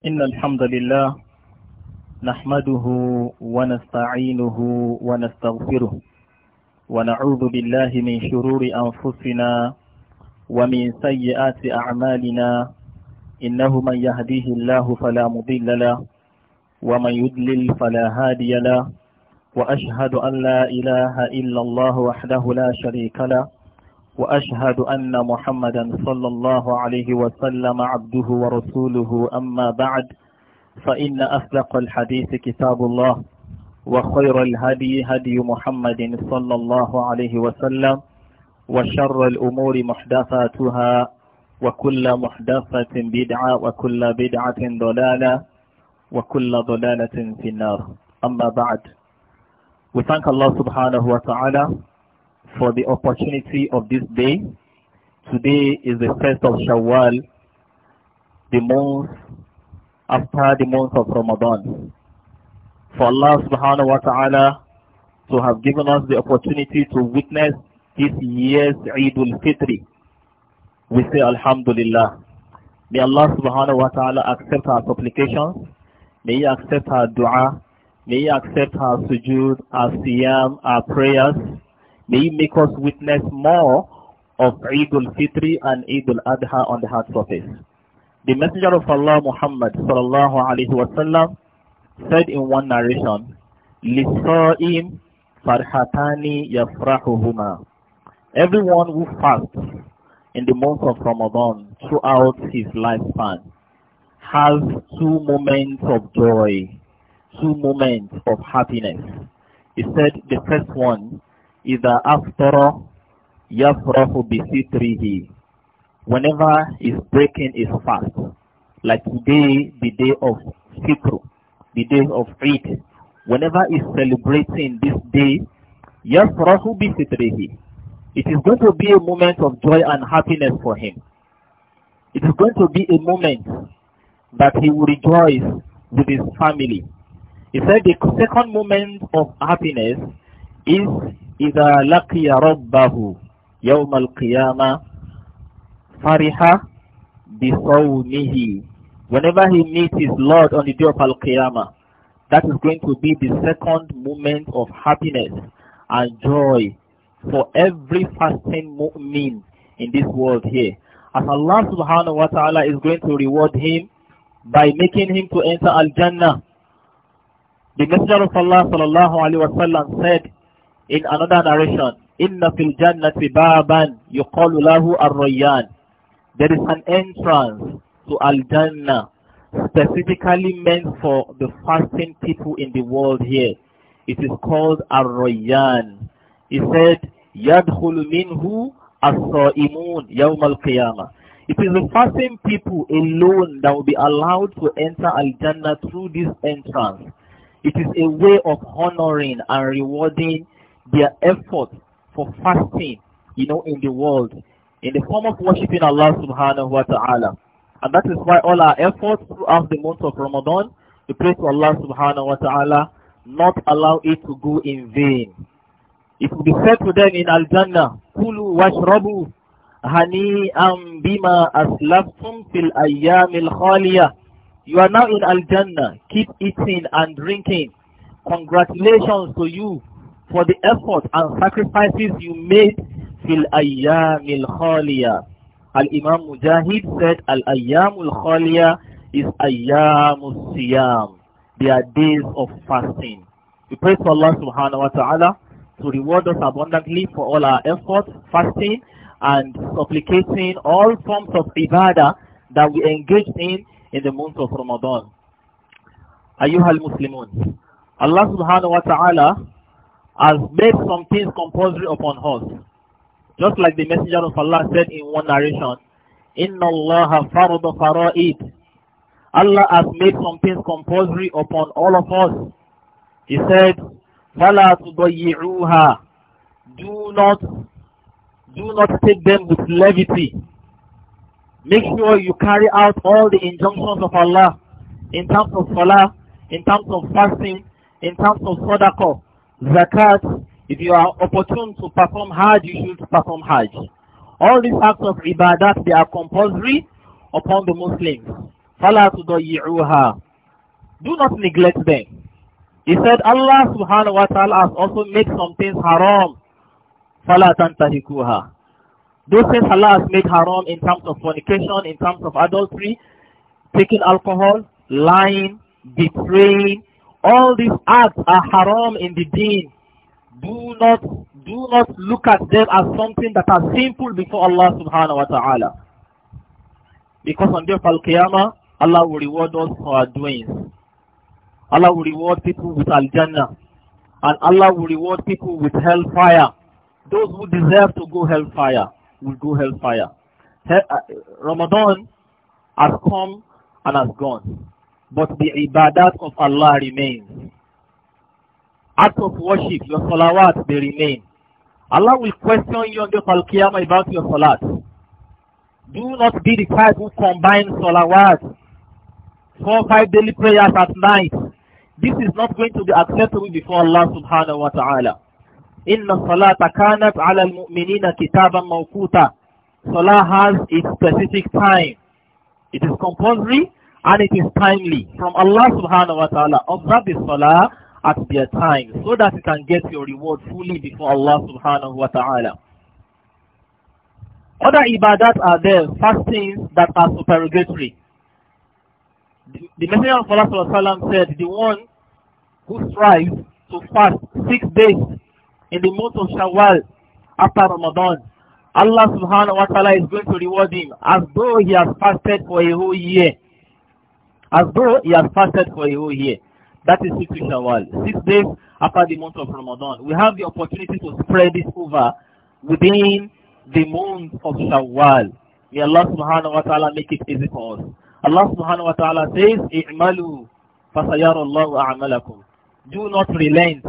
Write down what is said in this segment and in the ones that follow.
إن الحمد لله نحمده ونستعينه ونستغفره ونعوذ بالله من شرور أنفسنا ومن سيئات أعمالنا إنه من يهديه الله فلا مضل له ومن يدلل فلا هادي له وأشهد أن لا إله إلا الله وحده لا شريك له وأشهد أن محمدا صلى الله عليه وسلم عبده ورسوله أما بعد فإن أصدق الحديث كتاب الله وخير الهدي هدي محمد صلى الله عليه وسلم وشر الأمور محدثاتها وكل محدثة بدعة وكل بدعة ضلالة وكل ضلالة في النار أما بعد We thank Allah subhanahu wa ta'ala for the opportunity of this day. Today is the first of Shawwal, the month after the month of Ramadan. For Allah subhanahu wa ta'ala to have given us the opportunity to witness this year's Eid al-Fitr. We say Alhamdulillah. May Allah subhanahu wa ta'ala accept our supplications. May He accept our dua. May He accept our sujood, our siyam, our prayers. May you make us witness more of Eid al and Eid al-Adha on the heart surface. The Messenger of Allah Muhammad sallallahu alaihi wasallam said in one narration, لِلصَّائِمْ فَرْحَتَانِ يَفْرَحُهُمَا Everyone who fasts in the month of Ramadan throughout his lifespan has two moments of joy, two moments of happiness. He said the first one إذا أفطر يفرح بفطره whenever he's breaking his fast like today the day of fitr the day of Eid whenever he's celebrating this day يفرح بفطره it is going to be a moment of joy and happiness for him it is going to be a moment that he will rejoice with his family he said the second moment of happiness is إذا لقي ربه يوم القيامة فرح بصومه whenever he meets his Lord on the day of Al-Qiyamah that is going to be the second moment of happiness and joy for every fasting mu'min in this world here as Allah subhanahu wa ta'ala is going to reward him by making him to enter Al-Jannah the Messenger of Allah sallallahu wa sallam said in another narration, Inna fil jannati baban yuqalu lahu ar-rayyan. There is an entrance to al-jannah specifically meant for the fasting people in the world here. It is called Ar-Rayyan. He said, Yadkhulu minhu as-sa'imun yawm al-qiyamah. It is the fasting people alone that will be allowed to enter Al-Jannah through this entrance. It is a way of honoring and rewarding their effort for fasting, you know, in the world, in the form of worshipping Allah subhanahu wa ta'ala. And that is why all our efforts throughout the month of Ramadan, we pray to Allah subhanahu wa ta'ala, not allow it to go in vain. It will be said to them in Al-Jannah, Kulu washrabu hani'an bima aslaftum fil ayyamil khaliyah. You are now in Al-Jannah. Keep eating and drinking. Congratulations to you for the effort and sacrifices you made fil ayyamil khaliya. Al-Imam Mujahid said al-ayyamul Khaliyah is ayyamul siyam. They are days of fasting. We pray for Allah subhanahu wa ta'ala to reward us abundantly for all our efforts, fasting and supplicating all forms of ibadah that we engage in in the month of Ramadan. Ayyuhal Muslimun. Allah subhanahu wa ta'ala has made some things compulsory upon us. Just like the Messenger of Allah said in one narration, Inna Allah farada fara'id. Allah has made some things compulsory upon all of us. He said, فَلَا تُضَيِّعُوهَا Do not, do not take them with levity. Make sure you carry out all the injunctions of Allah in terms of salah, in terms of fasting, in terms of sadaqah, zakat, if you are opportune to perform Hajj, you should perform Hajj. All these acts of ibadat, they are compulsory upon the Muslims. فَلَا تُضَيِّعُوهَا Do not neglect them. He said, Allah subhanahu wa ta'ala has also made some things haram. فَلَا تَنْتَهِكُوهَا Those things Allah has made haram in terms of fornication, in terms of adultery, taking alcohol, lying, betraying, all these acts are haram in the deen. Do not, do not look at them as something that are sinful before Allah subhanahu wa ta'ala. Because on the day of Al-Qiyamah, Allah will reward us for our doings. Allah will reward people with Al-Jannah. And Allah will reward people with hellfire. Those who deserve to go hellfire will go hellfire. Uh, Ramadan has come and has gone but the ibadat of Allah remains. Act of worship, your salawat, they remain. Allah will question you on the Qiyamah about your salat. Do not be the type who combines salawat, four five daily prayers at night. This is not going to be acceptable before Allah subhanahu wa ta'ala. Inna salata kanat ala al-mu'minina kitaban mawkuta. Salah has its specific time. It is compulsory and it is timely from Allah subhanahu wa ta'ala. Observe the salah at their time so that you can get your reward fully before Allah subhanahu wa ta'ala. Other ibadat are there, fastings that are supererogatory. The, Messenger of Allah sallallahu said, the one who strives to fast six days in the month of Shawwal after Ramadan, Allah subhanahu wa ta'ala is going to reward him as though he has fasted for a whole year. As though he has fasted for a whole year. That is six Shawwal, six days after the month of Ramadan. We have the opportunity to spread this over within the month of Shawwal. May Allah subhanahu wa ta'ala make it easy for us. Allah subhanahu wa ta'ala says, I'malu fasayarullahu a'malakum. Do not relent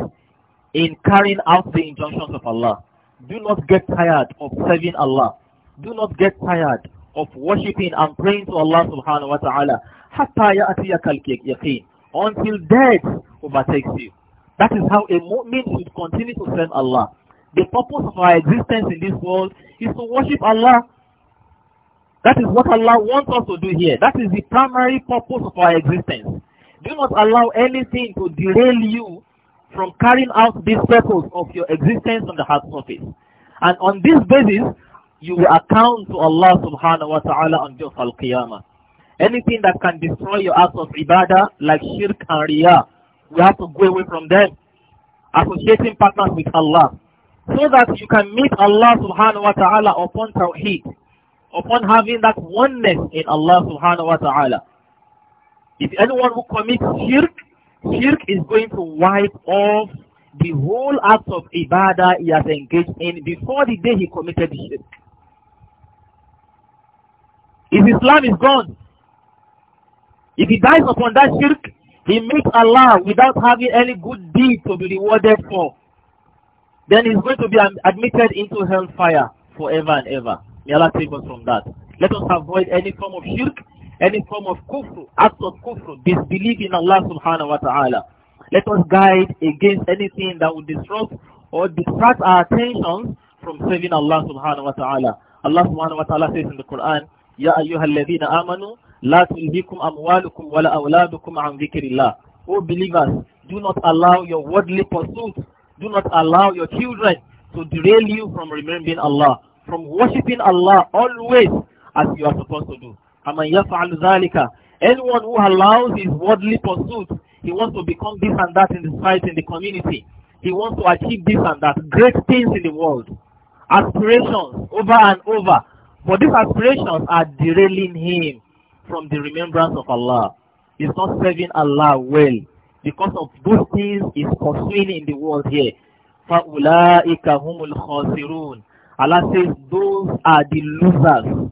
in carrying out the injunctions of Allah. Do not get tired of serving Allah. Do not get tired of worshipping and praying to Allah subhanahu wa ta'ala hatta yaqeen until death overtakes you. That is how a mu'min should continue to serve Allah. The purpose of our existence in this world is to worship Allah. That is what Allah wants us to do here. That is the primary purpose of our existence. Do not allow anything to derail you from carrying out this purpose of your existence on the hard surface. And on this basis, you will account to Allah subhanahu wa ta'ala on Day of Al-Qiyamah. Anything that can destroy your acts of ibadah, like shirk and riyah, we have to go away from them. Associating partners with Allah. So that you can meet Allah subhanahu wa ta'ala upon tawheed. Upon having that oneness in Allah subhanahu wa ta'ala. If anyone who commits shirk, shirk is going to wipe off the whole act of ibadah he has engaged in before the day he committed shirk. If Islam is gone. If he dies upon that shirk, he meets Allah without having any good deed to be rewarded for. Then he's going to be admitted into hellfire forever and ever. May Allah save us from that. Let us avoid any form of shirk, any form of kufr, act of kufr, disbelief in Allah subhanahu wa ta'ala. Let us guide against anything that would disrupt or distract our attention from serving Allah subhanahu wa ta'ala. Allah subhanahu wa ta'ala says in the Quran, يا أيها الذين آمنوا لا تلهكم أموالكم ولا أولادكم عن ذكر الله O believers, do not allow your worldly pursuits, do not allow your children to derail you from remembering Allah, from worshiping Allah always as you are supposed to do. أَمَنْ يَفْعَلُ ذَلِكَ Anyone who allows his worldly pursuits, he wants to become this and that in the society, in the community. He wants to achieve this and that, great things in the world. Aspirations over and over. But these aspirations are derailing him from the remembrance of Allah. He's not serving Allah well because of those things he's pursuing in the world here. فَأُولَٰئِكَ هُمُ الْخَاسِرُونَ Allah says those are the losers.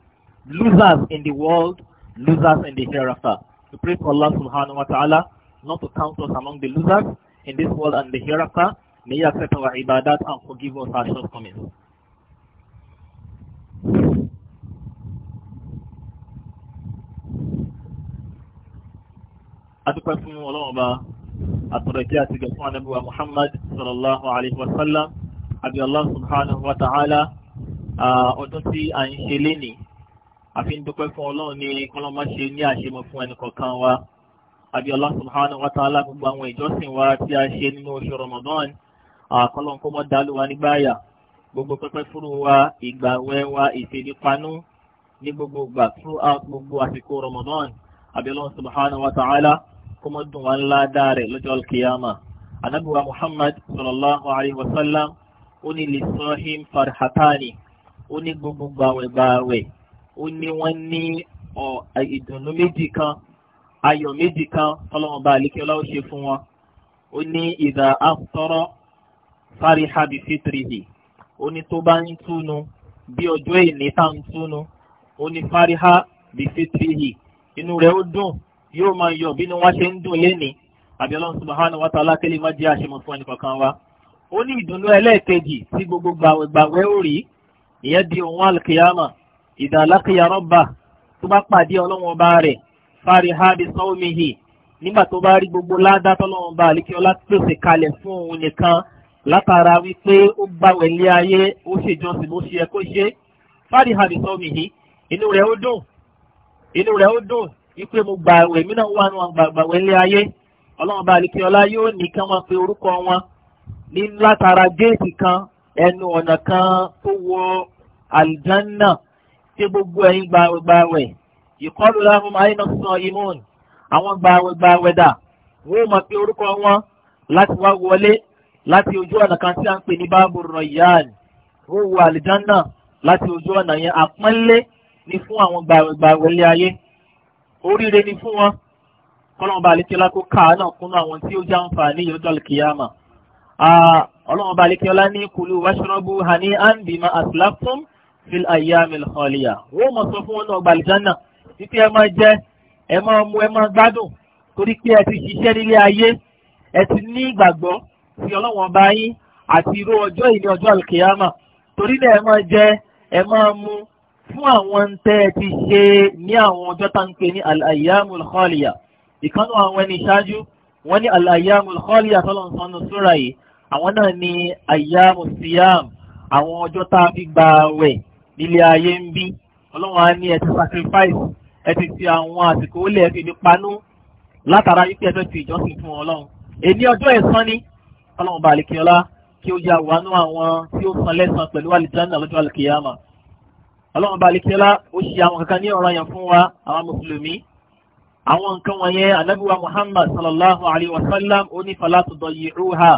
Losers in the world, losers in the hereafter. We pray for Allah subhanahu wa ta'ala not to count us among the losers in this world and the hereafter. May He accept our ibadat and forgive us our shortcomings. adúpẹ́ fún ọlọ́run ọba àtọ̀rẹ̀kí àti gẹ̀ fún anábíwá muhammad sallallahu alayhi wa sallam àbí allah subhanahu wa ta'ala ọdún tí a ń ṣe lénìí àfi ń dúpẹ́ fún ọlọ́run ní kọ́lọ́mọ́ ṣe ní àṣemọ fún ẹnì kọ̀ọ̀kan wa àbí allah subhanahu wa ta'ala gbogbo àwọn ìjọsìn wa tí a ṣe nínú oṣù ramadan àkọlọ́n kó mọ́ dálú wa nígbàyà gbogbo pẹ́pẹ́ fúru wa ìgbàwẹ́ wa ìfèdípanú ní gbogbo gbà throughout gbogbo àsìkò ramadan abẹ́lọ́wọ́ subhanahu wa ta'ala kó mọ́ dùn wá ńlá dáre lọ́jọ́ alkiyama anabiwa muhammad sallallahu alayhi wa sallam ó ní lè sọ him farhatani ó ní gbogbo gbàwẹ̀gbàwẹ̀ ó ní wọ́n ní ìdùnnú méjì kan ayọ̀ méjì kan tọ́lọ́wọ́n bá àlékè ọlá ó ṣe fún wọn ó ní fariha bi fitrihi ó ní tó bá ń túnu bí ọjọ́ ìní tá fariha bi fitrihi inú rẹ̀ ó dùn yóò máa yọ̀ bí ni wọ́n ṣe ń dùn lénìí àbí ọlọ́run subhanahu wa ta'ala kẹ́lẹ́ má jẹ́ àṣemọ̀ fún ẹnì kankan wa. ó ní ìdùnnú ẹlẹ́ẹ̀kejì tí gbogbo gbàwẹ̀gbàwẹ̀ ó rí ìyẹn di òun alkiyama idha laqiya rabbah tó bá pàdé ọlọ́run ọba rẹ̀ fariha bi sawmihi nígbà tó bá rí gbogbo ládá tọ́lọ́run ọba àlékiọlá pèsè kalẹ̀ fún òun nìkan látara wípé ó gbàwẹ̀ lé ayé ó ṣèjọsìn bó ṣe yẹ kó ṣe fariha bi sawmihi inú rẹ̀ ó dùn inú rẹ̀ ó dùn ipe mo gba àwẹ̀ mí náà wà nù àwọn gbàgbà wẹ̀lé ayé ọlọ́run bá àlekè ọlá yóò ní kí wọ́n pe orúkọ wọn ní látara géètì kan ẹnu ọ̀nà kan tó wọ àlìjánná tí gbogbo ẹ̀yin gbàwẹ̀gbàwẹ̀ ìkọlù láhùn àyínà sọ imún àwọn gbàwẹ̀gbàwẹ̀ dà wọ́n mọ̀ pé orúkọ wọn láti wá wọlé láti ojú ọ̀nà kan tí a ń pè ní báàbù rọ̀yàn wọ́n wọ àlìjánná láti ojú ọ̀nà yẹn àpọ́nlé ni fún àwọn gbàgbọ́lé ayé oríire ni fún wọn kọ́lọ́mù bá alékiọ́lá kó ká náà kúnnú àwọn tí ó jẹ́ àǹfààní yọjọ́ kìyàmà ọlọ́mù bá alékiọ́lá ní kulu washrabu hani andi ma aslaftum fil ayyamil khaliya ó mọ̀ sọ fún wọn náà gbàlìjánà títí ẹ máa jẹ ẹ máa mu ẹ máa gbádùn torí pé ẹ ti ṣiṣẹ́ nílé ayé ẹ ti ní ìgbàgbọ́ sí ọlọ́wọ́n bá yín àti irú ọjọ́ ìní ọjọ́ àlùkìyàmà torí náà ẹ máa jẹ ẹ máa mu fún àwọn tẹ́ ẹ ti ṣe ní àwọn ọjọ́ tá ń pè ní al-ayyamul khaliya ìkànnù àwọn ẹni ṣáájú wọ́n ní al-ayyamul khaliya tọ́lọ̀ ń sanu súra yìí àwọn náà ní ayyamus siyam àwọn ọjọ́ tá fi gba àwẹ̀ nílé ayé ń bí ọlọ́run á ní ẹ sacrifice ẹ ti àwọn àsìkò olè ẹ ní panú látara yìí ọlọ́run balikẹ́lá ó ṣe àwọn kankan ní ọ̀rọ̀ yẹn fún wa àwọn mùsùlùmí àwọn nǹkan wọ̀nyẹn anábíwá muhammad sallallahu alayhi wa sallam ó ní fala tudayyi'uha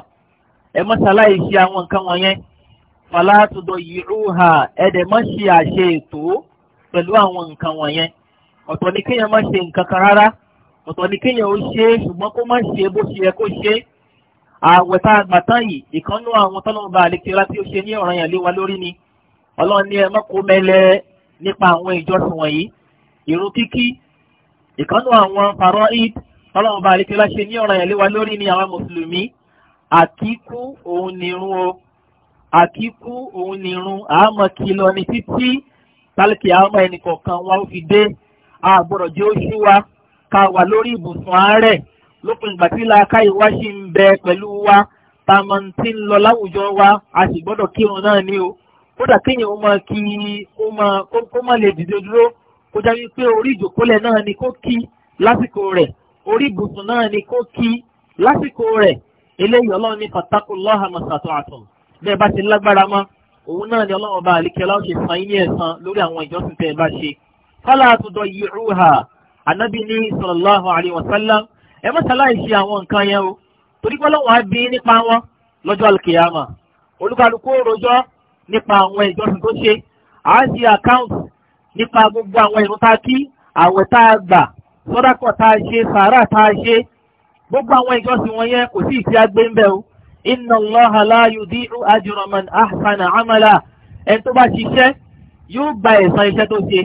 ẹ má ṣàlàyé ṣe àwọn nǹkan wọ̀nyẹn fala tudayyi'uha ẹ dẹ̀ má ṣe àṣe ètò pẹ̀lú àwọn nǹkan wọ̀nyẹn ọ̀tọ̀ ni kéèyàn má ṣe nǹkan kan rárá ọ̀tọ̀ ni kéèyàn ó ṣe ṣùgbọ́n kó má ṣe bó ṣe yẹ kó ṣe àwẹ̀ tá yìí ìkànnú àwọn tọ́lọ́mùbá àlekèrè láti ó ṣe ní ọ̀ranyàn lé wa lórí ni ọlọ́run ní ẹ mọ́kò mẹ́lẹ́ nípa àwọn ìjọsìn wọ̀nyí ìrun kíkí ìkànnù àwọn farọ́ id ọlọ́run bá àlekè láṣẹ ní ọ̀ràn ìyàlẹ́wà lórí ni àwọn mùsùlùmí àkíkú òun nìrun o àkíkú òun nìrun àmọ́ kìlọ̀ ní títí tálíkì àmọ́ ẹnì kọ̀ọ̀kan wa ó fi dé àgbọ̀rọ̀ jẹ́ oṣù wa ká wà lórí ibùsùn àárẹ̀ lópin ìgbà tí làákà ìwá ṣì ń bẹ pẹ̀lú wa tamọ̀ tí ń lọ láwùjọ wa a sì gbọ́dọ̀ kírun náà ní o. kódà kéèyàn ó máa kí ó máa kó má lè dìde dúró kó já wípé orí ìjòkólẹ̀ náà ni kó kí lásìkò rẹ̀ orí náà ni kó kí lásìkò rẹ̀ eléyìí ọlọ́run ní fatakullaha masata'tum bẹ́ẹ̀ bá ti lágbára mọ́ ọba àlìkẹ́lá san lórí àwọn ìjọsìn bá ṣe. sallam ẹ àwọn o torí pé ọlọ́run á bí nípa wọn lọ́jọ́ àlùkìyàmà olúkàlùkù nípa àwọn ìjọsìn tó ṣe à ń ṣe àkáǹtì nípa gbogbo àwọn ìrun tá a kí àwẹ̀ tá a gbà sọ́dákọ̀ tá a ṣe sàárà tá a ṣe gbogbo àwọn ìjọsìn wọ̀nyẹn kò sí ìfi agbé ń bẹ̀ o inna Allaha la yudi'u ajra man ahsana amala tó bá ṣiṣẹ́ yóò gba ẹ̀san iṣẹ́ tó ṣe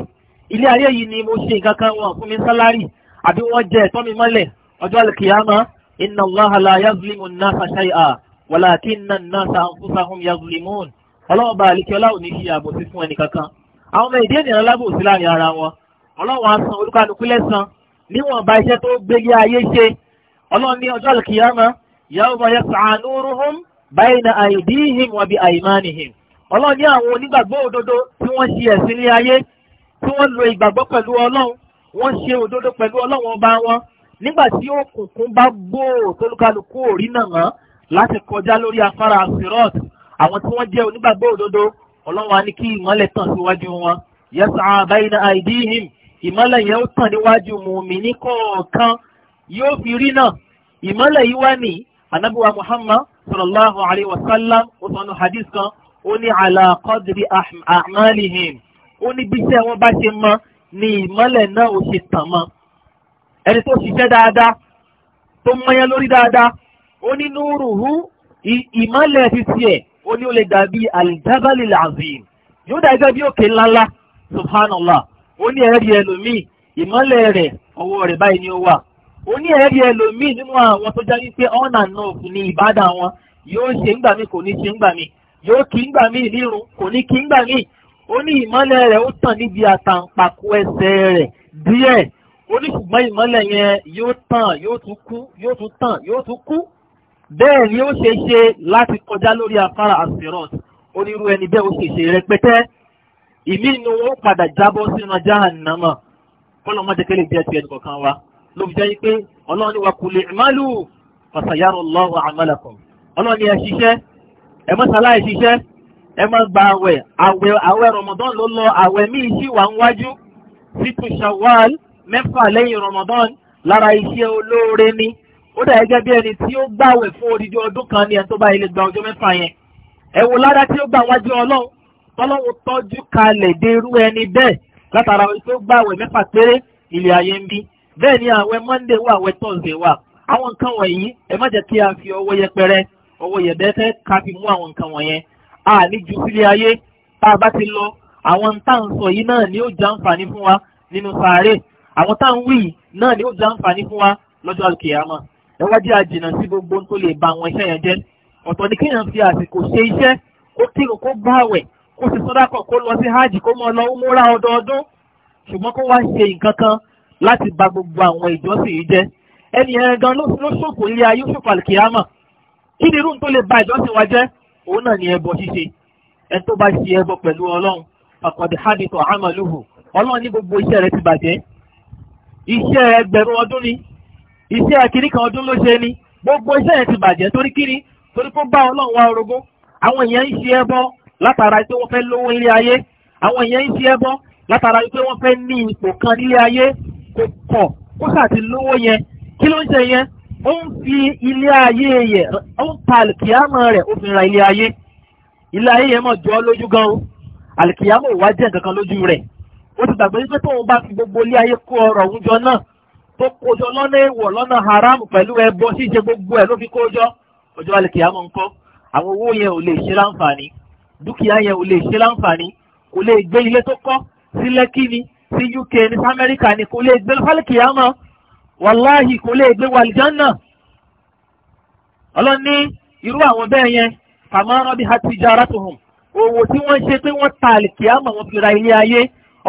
ilé ayé yìí ni mo ṣe nǹkan kan wọn fún mi sálárì àbí wọ́n jẹ ẹ̀tọ́ mi mọ́lẹ̀ ọjọ́ alkiyama inna Allaha la yazlimu an-nasa shay'a walakinna an-nasa anfusahum yazlimun ọlọ́wọ́ bá àlíkẹ́ ọláwò ní ṣe àbòsí fún ẹnì kankan àwọn ọmọ ìdí ènìyàn lábòsí láàrin ara wọn ọlọ́wọ́ á san olúkálukú lẹ́san níwọ̀nba iṣẹ́ tó gbélé ayé ṣe ọlọ́run ní ọjọ́ àlùkìyàmọ́ yawma yas'a nuruhum bayna aydihim wa bi aymanihim ọlọ́run ní àwọn onígbàgbọ́ òdodo tí wọ́n ṣe ẹ̀sìn ní ayé tí wọ́n lo ìgbàgbọ́ pẹ̀lú ọlọ́run wọ́n ṣe òdodo pẹ̀lú ọlọ́run ọba wọn nígbà tí òkùnkùn bá gbòò tólúkálukú òrí náà láti kọjá lórí afárá sirọ́ọ̀tì àwọn tí wọ́n jẹ́ onígbàgbọ́ òdodo ọlọ́run wa ní kí ìmọ́lẹ̀ tàn síwájú wọn yasa bayna aidihim ìmọ́lẹ̀ yẹn ó tàn níwájú mùmíní kọ̀ọ̀kan yóò fi rí náà ìmọ́lẹ̀ yìí wá ní anabiwa muhammad sallallahu alayhi wa sallam ó sọnù hadith kan ó ní ala qadri a'malihim ó ní bí iṣẹ́ wọn bá ṣe mọ́ ni ìmọ́lẹ̀ náà ó ṣe tàn mọ́ ẹni tó ṣiṣẹ́ dáadáa tó mọ́yán lórí dáadáa ó ní núrùhù ìmọ́lẹ̀ ti tiẹ̀ ó ní ó lè dàbí aljabali lazim yóò dà gẹ́gẹ́ bí òkè ńláńlá subhanallah ó ní ẹ̀rí ẹlòmíì ìmọ́lẹ̀ rẹ̀ ọwọ́ rẹ̀ báyìí ni ó wà ó ní ẹ̀rí ẹlòmíì nínú àwọn tó jáde pé on and off ni ìbádà wọn yóò ṣe ńgbà mí kò ní ṣe ńgbà mí yóò kí ńgbà mí nírun kò ní kí ńgbà mí ó ní ìmọ́lẹ̀ rẹ̀ ó tàn níbi àtàǹpàkò ẹsẹ̀ rẹ̀ díẹ̀ ó ní ṣùgbọ́n ìmọ́lẹ̀ yẹn yóò tàn yóò tún kú yóò tún tàn yóò tún kú bẹ́ẹ̀ ni ó ṣe ṣe láti kọjá lórí afárá asirot onírú ẹni bẹ́ẹ̀ ó ṣe ṣe rẹpẹtẹ ìmí inú wọn padà jábọ́ sínú jahannama kọ́lọ́ má jẹ́kẹ́ lè jẹ́ ti ẹnì kọ̀ọ̀kan wa ló fi jẹ́ pé ọlọ́run ni wà kò lè málù fàṣàyàrọ̀ lọ́wọ́ àmàlàkọ̀ ọlọ́run ni ẹ ṣiṣẹ́ ẹ mọ́sálá ẹ ṣiṣẹ́ ẹ má gba àwẹ̀ àwẹ̀ àwẹ̀ rọmọdán ló lọ àwẹ̀ míì sì wà ń wájú sítú mẹ́fà lẹ́yìn rọmọdán lára iṣẹ́ olóore ni ó dà gẹ́gẹ́ bí ẹni tí ó gbàwẹ̀ fún odidi ọdún kan ní ẹni tó bá ilé gba ọjọ́ mẹ́fà yẹn ẹ wo ládá tí ó gbà wájú ọlọ́run tọ́lọ́run tọ́jú kalẹ̀ dé irú ẹni bẹ́ẹ̀ látara tó gbàwẹ̀ mẹ́fà péré ilé ayé ń bí bẹ́ẹ̀ ni àwẹ̀ monday wà àwẹ̀ thursday wà àwọn nǹkan wọ̀nyí ẹ má jẹ́ kí a fi ọwọ́ yẹpẹrẹ ọwọ́ yẹ̀bẹ́fẹ́ ká fi mú àwọn nǹkan wọ̀nyẹn a ní ju sílé ayé tá a bá ti lọ àwọn tá à ń sọ yìí náà ni ó jẹ́ àǹfààní fún wa nínú sàárè àwọn tá à ń wí náà ni ó jẹ́ àǹfààní fún wa lọ́jọ́ àlùkìyàmọ́ ẹwà jẹ́ àjìnà sí gbogbo tó lè ba àwọn iṣẹ́ yẹn jẹ́ ọ̀tọ̀ ni kéèyàn fi àsìkò ṣe iṣẹ́ kó kírun kó bá àwẹ̀ kó sì sọ́dá kan kó lọ sí hajj kó mọ lọ múra ọdọọdún ṣùgbọ́n kó wá ṣe nǹkan kan láti ba gbogbo àwọn ìjọsìn yìí jẹ́ ẹni yẹn gan ló ṣòfò ilé ayé ṣòfò àlùkìyàmọ̀ kí ni irun tó lè ba ìjọsìn wa jẹ́ òun náà ni ẹbọ ṣíṣe ẹni tó bá ṣe ẹbọ pẹ̀lú ọlọ́run àkọ́dé hábitọ̀ àmàlùhù ọlọ́run ní gbogbo iṣẹ́ rẹ ti bàjẹ́ iṣẹ́ ẹgbẹ̀rún ọdún ni iṣẹ́ akiri kan ọdún ló ṣe ni gbogbo iṣẹ́ yẹn ti bàjẹ́ torí kíni torí kó bá ọlọ́run wá orogún àwọn èèyàn ń ṣe ẹbọ látara pé wọ́n fẹ́ lówó ilé ayé àwọn èèyàn ń ṣe ẹbọ látara pé wọ́n fẹ́ ní ipò kan nílé ayé kò kọ̀ kó sàti lówó yẹn kí ló ń ṣe yẹn ó ń fi ilé ayé yẹ ó ń ta àlìkìyàmọ̀ rẹ̀ ó fi ra ilé ayé ilé ayé yẹn mọ̀ jọ ọ́ lójú gan o àlìkìyàmọ̀ ò wá jẹ́ nǹkan kan lójú rẹ̀ ó ti gbàgbé pé tóun bá fi gbogbo ilé ayé kó ọrọ̀ òun jọ náà tó kójọ lọ́nà èèwọ̀ lọ́nà haram pẹ̀lú ẹbọ ṣíṣe gbogbo ẹ̀ ló fi kójọ ọjọ́ alẹ́kì àmọ́ ńkọ́ àwọn owó yẹn ò lè ṣe láǹfààní dúkìá yẹn ò lè ṣe láǹfààní kò lè gbé ilé tó kọ́ sí lẹ́kì ni sí UK ní sí Amẹ́ríkà ni kò lè gbé fálẹ́kì àmọ́ wàláhì kò lè gbé wàlìjánà ọlọ́ni irú àwọn bẹ́ẹ̀ yẹn kàmáràn bí hatijaratuhum owó tí wọ́n ṣe pé wọ́n ta àlìkìyàmọ̀ wọn fi ra ilé ayé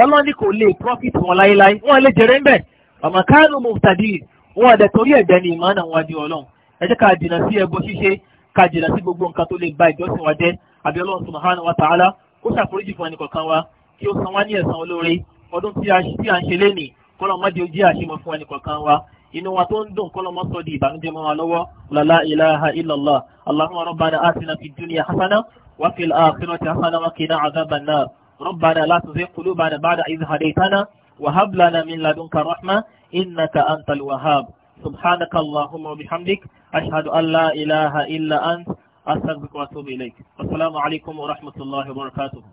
ọlọ́ni kò lè profit wọn láéláé wọ́n lè jèrè ń bẹ̀ ọmọ káànù mọ̀tàdì wọn àdẹ torí ẹ̀dẹ́ ni ìmọ̀ náà wájú ọlọ́run ẹ jẹ́ ká jìnà sí ẹbọ ṣíṣe ká jìnà sí gbogbo nǹkan tó lè ba ìjọsìn wa jẹ́ àbí ọlọ́run subhanahu wa ta'ala kó ṣàforíjì fún ẹnìkọ̀ọ̀kan wa kí ó san wá ní ẹ̀san olóore ọdún tí a ń ṣe lé ní kọ́lọ́ má di ojú àṣemọ̀ fún ẹnìkọ̀ọ̀kan wa inú wa tó ń dùn kọ́lọ́ mọ́ sọ di ìbànújẹ́ mọ́ wa lọ́wọ́ lala ilaha illallah allahumma rabbana atina fi dunya hasana wa fil akhirati hasana wa qina adhaban nar rabbana la tuzigh qulubana ba'da idh hadaytana وهب لنا من لدنك رحمة إنك أنت الوهاب سبحانك اللهم وبحمدك أشهد أن لا إله إلا أنت أستغفرك وأتوب إليك والسلام عليكم ورحمة الله وبركاته